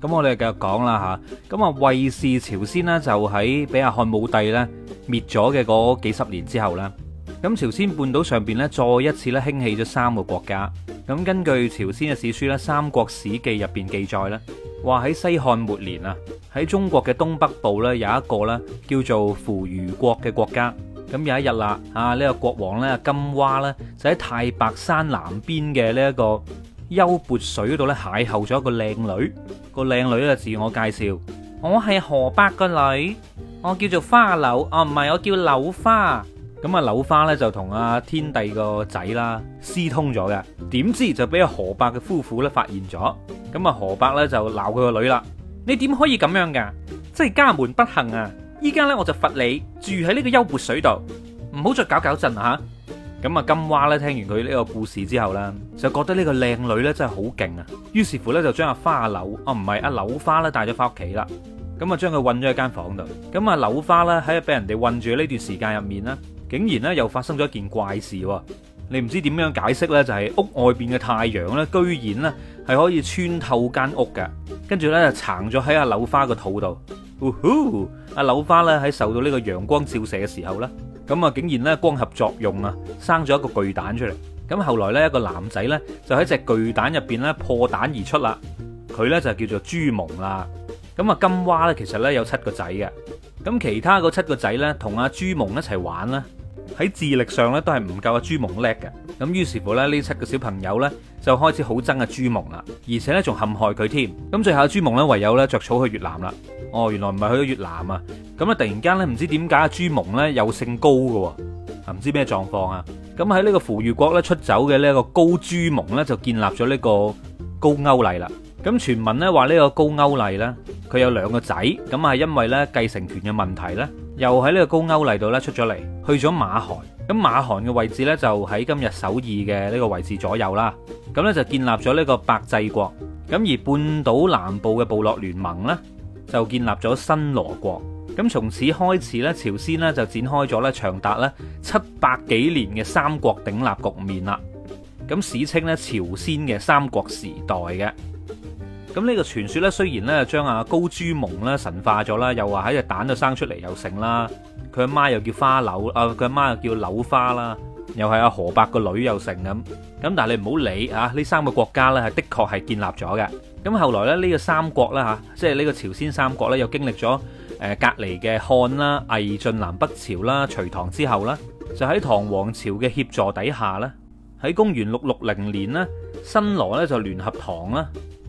咁我哋又繼續講啦吓，咁啊衛氏朝鮮呢，就喺俾阿漢武帝咧滅咗嘅嗰幾十年之後咧，咁朝鮮半島上邊咧再一次咧興起咗三個國家。咁根據朝鮮嘅史書咧《三國史記》入邊記載咧，話喺西漢末年啊，喺中國嘅東北部咧有一個咧叫做扶餘國嘅國家。咁有一日啦，啊、這、呢個國王咧金蛙，咧就喺太白山南邊嘅呢一個。幽瀑水度咧邂逅咗一個靚女，個靚女咧自我介紹：我係河伯個女，我叫做花柳，啊唔係我叫柳花。咁啊、嗯、柳花咧就同阿天帝個仔啦私通咗嘅，點知就俾阿河伯嘅夫婦咧發現咗，咁、嗯、啊河伯咧就鬧佢個女啦，你點可以咁樣噶？即係家門不幸啊！依家咧我就罰你住喺呢個幽瀑水度，唔好再搞搞震吓。啊咁啊，金蛙咧聽完佢呢個故事之後呢，就覺得呢個靚女咧真係好勁啊！於是乎呢就將阿花阿柳，哦唔係阿柳花咧帶咗翻屋企啦。咁啊，將佢韫咗一間房度。咁啊，柳花呢，喺俾人哋韫住呢段時間入面咧，竟然咧又發生咗一件怪事。你唔知點樣解釋呢？就係、是、屋外邊嘅太陽咧，居然咧係可以穿透間屋嘅。跟住呢，就撐咗喺阿柳花個肚度。嗚、uh、呼！阿、huh，柳花呢，喺受到呢個陽光照射嘅時候呢。咁啊，竟然咧光合作用啊，生咗一個巨蛋出嚟。咁後來咧，一個男仔咧就喺隻巨蛋入邊咧破蛋而出啦。佢咧就叫做朱蒙啦。咁啊，金蛙咧其實咧有七個仔嘅。咁其他嗰七個仔咧同阿朱蒙一齊玩啦。喺智力上咧都係唔夠阿朱蒙叻嘅。咁於是乎咧，呢七個小朋友呢，就開始好憎阿朱蒙啦，而且呢，仲陷害佢添。咁最後朱蒙呢，唯有呢，着草去越南啦。哦，原來唔係去咗越南啊！咁咧突然間呢，唔知點解朱蒙呢，又姓高嘅喎，唔知咩狀況啊！咁喺呢個扶餘國呢，出走嘅呢一個高朱蒙呢，就建立咗呢個高歐麗啦。咁傳聞呢話呢個高歐麗呢，佢有兩個仔，咁係因為呢繼承權嘅問題呢，又喺呢個高歐麗度呢出咗嚟，去咗馬韓。咁馬韓嘅位置呢就喺今日首爾嘅呢個位置左右啦。咁呢就建立咗呢個百濟國。咁而半島南部嘅部落聯盟呢，就建立咗新羅國。咁從此開始呢，朝鮮呢就展開咗呢長達呢七百幾年嘅三國鼎立局面啦。咁史稱呢朝鮮嘅三國時代嘅。咁呢個傳說咧，雖然咧將啊高朱蒙咧神化咗啦，又話喺隻蛋度生出嚟又成啦，佢阿媽又叫花柳，啊佢阿媽又叫柳花啦，又係阿河伯個女又成咁。咁但係你唔好理啊，呢三個國家呢，係的確係建立咗嘅。咁後來咧，呢個三國咧嚇，即係呢個朝鮮三國呢，又經歷咗誒隔離嘅漢啦、魏晉南北朝啦、隋唐之後啦，就喺唐王朝嘅協助底下啦，喺公元六六零年呢，新羅咧就聯合唐啦。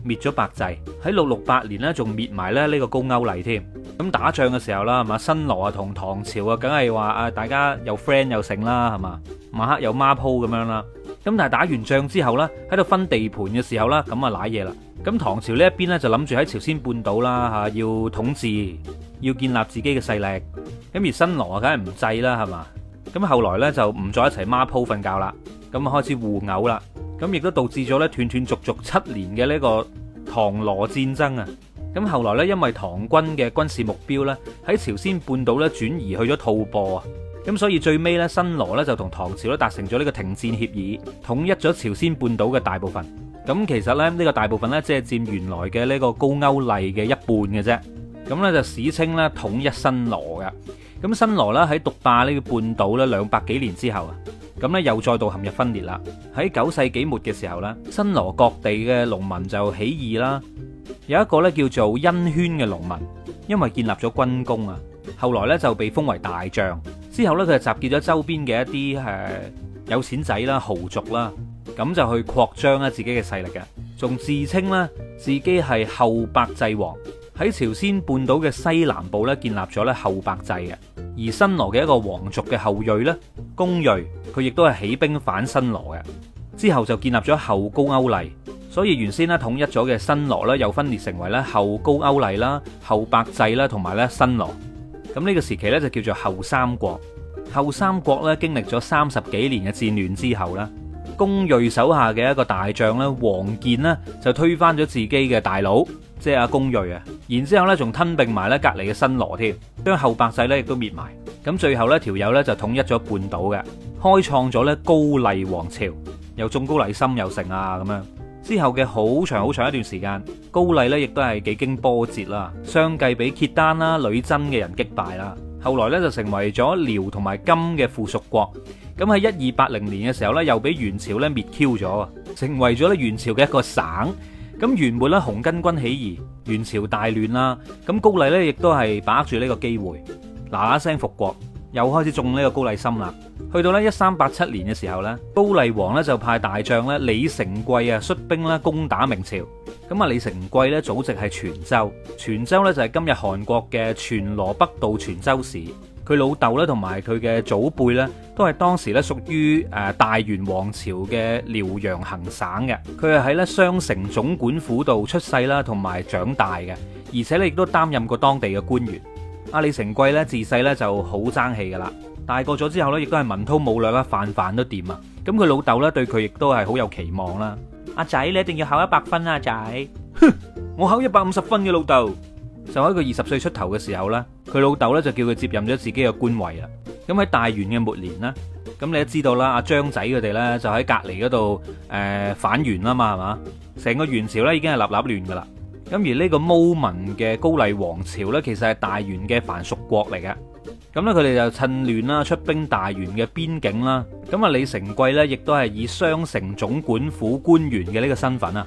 滅咗百濟，喺六六八年呢仲滅埋咧呢個高句麗添。咁打仗嘅時候啦，係嘛新羅啊同唐朝啊，梗係話啊大家有 friend 又剩啦，係嘛晚黑有孖鋪咁樣啦。咁但係打完仗之後呢，喺度分地盤嘅時候啦，咁啊瀨嘢啦。咁唐朝呢一邊呢，就諗住喺朝鮮半島啦吓，要統治，要建立自己嘅勢力。咁而新羅啊，梗係唔制啦，係嘛。咁後來呢，就唔再一齊孖鋪瞓覺啦，咁啊開始互毆啦。咁亦都導致咗咧斷斷續續七年嘅呢個唐羅戰爭啊！咁後來咧，因為唐軍嘅軍事目標咧喺朝鮮半島咧轉移去咗吐蕃啊，咁所以最尾咧新羅咧就同唐朝咧達成咗呢個停戰協議，統一咗朝鮮半島嘅大部分。咁其實咧呢個大部分咧即係佔原來嘅呢個高句麗嘅一半嘅啫。咁咧就史稱咧統一新羅嘅。咁新羅咧喺獨霸呢個半島咧兩百幾年之後啊。咁呢，又再度陷入分裂啦。喺九世紀末嘅時候呢，新羅各地嘅農民就起義啦。有一個呢叫做恩圈嘅農民，因為建立咗軍功啊，後來呢就被封為大將。之後呢，佢就集結咗周邊嘅一啲誒有錢仔啦、豪族啦，咁就去擴張啦自己嘅勢力嘅，仲自稱呢，自己係後百濟王，喺朝鮮半島嘅西南部呢，建立咗呢後百濟。嘅。而新羅嘅一個皇族嘅後裔呢，弓裔，佢亦都係起兵反新羅嘅，之後就建立咗後高句麗，所以原先咧統一咗嘅新羅呢，又分裂成為咧後高句麗啦、後百濟啦同埋咧新羅，咁呢個時期呢，就叫做後三國。後三國呢，經歷咗三十幾年嘅戰亂之後呢。公裔手下嘅一個大將咧，王建咧就推翻咗自己嘅大佬，即係阿公裔啊。然之後咧，仲吞併埋咧隔籬嘅新羅添，將後百濟咧亦都滅埋。咁最後咧，條友咧就統一咗半島嘅，開創咗咧高麗王朝。又中高麗、心又成啊，咁樣之後嘅好長好長一段時間，高麗咧亦都係幾經波折啦，相繼俾契丹啦、女真嘅人擊敗啦。後來咧就成為咗遼同埋金嘅附屬國。咁喺一二八零年嘅時候呢又俾元朝呢滅 Q 咗啊，成為咗呢元朝嘅一個省。咁元末呢，紅巾軍起義，元朝大亂啦。咁高麗呢，亦都係把握住呢個機會，嗱嗱聲復國，又開始種呢個高麗心啦。去到呢一三八七年嘅時候呢，高麗王呢，就派大將呢李成桂啊率兵呢攻打明朝。咁啊，李成桂呢，祖籍係全州，全州呢，就係今日韓國嘅全羅北道全州市。佢老豆咧，同埋佢嘅祖輩咧，都係當時咧屬於誒大元王朝嘅遼陽行省嘅。佢係喺咧雙城總管府度出世啦，同埋長大嘅。而且咧亦都擔任過當地嘅官員。阿李成桂咧，自細咧就好爭氣噶啦。大個咗之後咧，亦都係文韜武略啦，泛泛都掂啊。咁佢老豆咧對佢亦都係好有期望啦。阿仔，你一定要考一百分啊！仔，哼，我考一百五十分嘅老豆。就喺佢二十歲出頭嘅時候，呢佢老豆呢就叫佢接任咗自己嘅官位啦。咁喺大元嘅末年呢，咁你都知道啦，阿張仔佢哋呢就喺隔離嗰度誒反元啦嘛，係嘛？成個元朝呢已經係立立亂噶啦。咁而呢個毛民嘅高麗王朝呢，其實係大元嘅藩屬國嚟嘅。咁咧佢哋就趁亂啦，出兵大元嘅邊境啦。咁啊李成桂呢，亦都係以雙城總管府官員嘅呢個身份啊。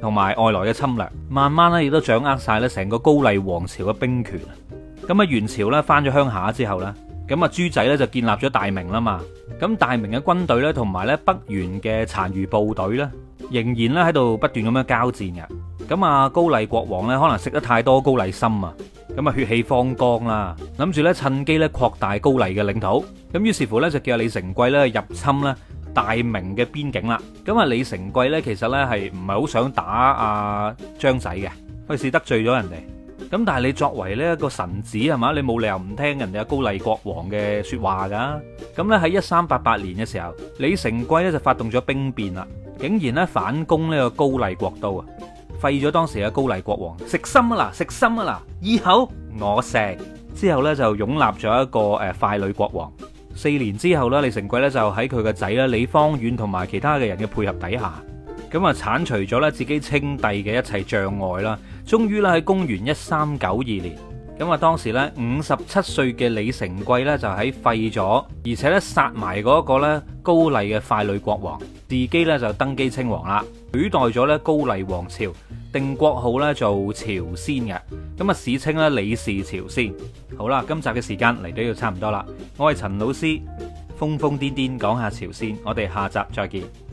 同埋外來嘅侵略，慢慢咧亦都掌握晒咧成個高麗王朝嘅兵權。咁啊，元朝呢翻咗鄉下之後呢，咁啊朱仔呢就建立咗大明啦嘛。咁大明嘅軍隊呢，同埋咧北元嘅殘餘部隊呢，仍然咧喺度不斷咁樣交戰嘅。咁啊，高麗國王呢可能食得太多高麗參啊，咁啊血氣方剛啦，諗住呢趁機咧擴大高麗嘅領土。咁於是乎呢，就叫李成桂咧入侵呢大明嘅邊境啦，咁啊李成桂咧，其實咧係唔係好想打阿張仔嘅，費事得罪咗人哋。咁但係你作為呢一個臣子係嘛，你冇理由唔聽人哋阿高麗國王嘅說話噶。咁咧喺一三八八年嘅時候，李成桂咧就發動咗兵變啦，竟然咧反攻呢個高麗國都啊，廢咗當時嘅高麗國王，食心啊嗱，食心啊嗱，以後我食。之後咧就擁立咗一個誒傀儡國王。四年之後咧，李成桂咧就喺佢個仔咧李芳遠同埋其他嘅人嘅配合底下，咁啊剷除咗咧自己稱帝嘅一切障礙啦，終於咧喺公元一三九二年，咁啊當時咧五十七歲嘅李成桂咧就喺廢咗，而且咧殺埋嗰個咧高麗嘅傀儡國王，自己咧就登基稱王啦，取代咗咧高麗王朝。定國號咧做朝鮮嘅，咁啊史稱咧李氏朝鮮。好啦，今集嘅時間嚟到要差唔多啦，我係陳老師，瘋瘋癲癲講下朝鮮，我哋下集再見。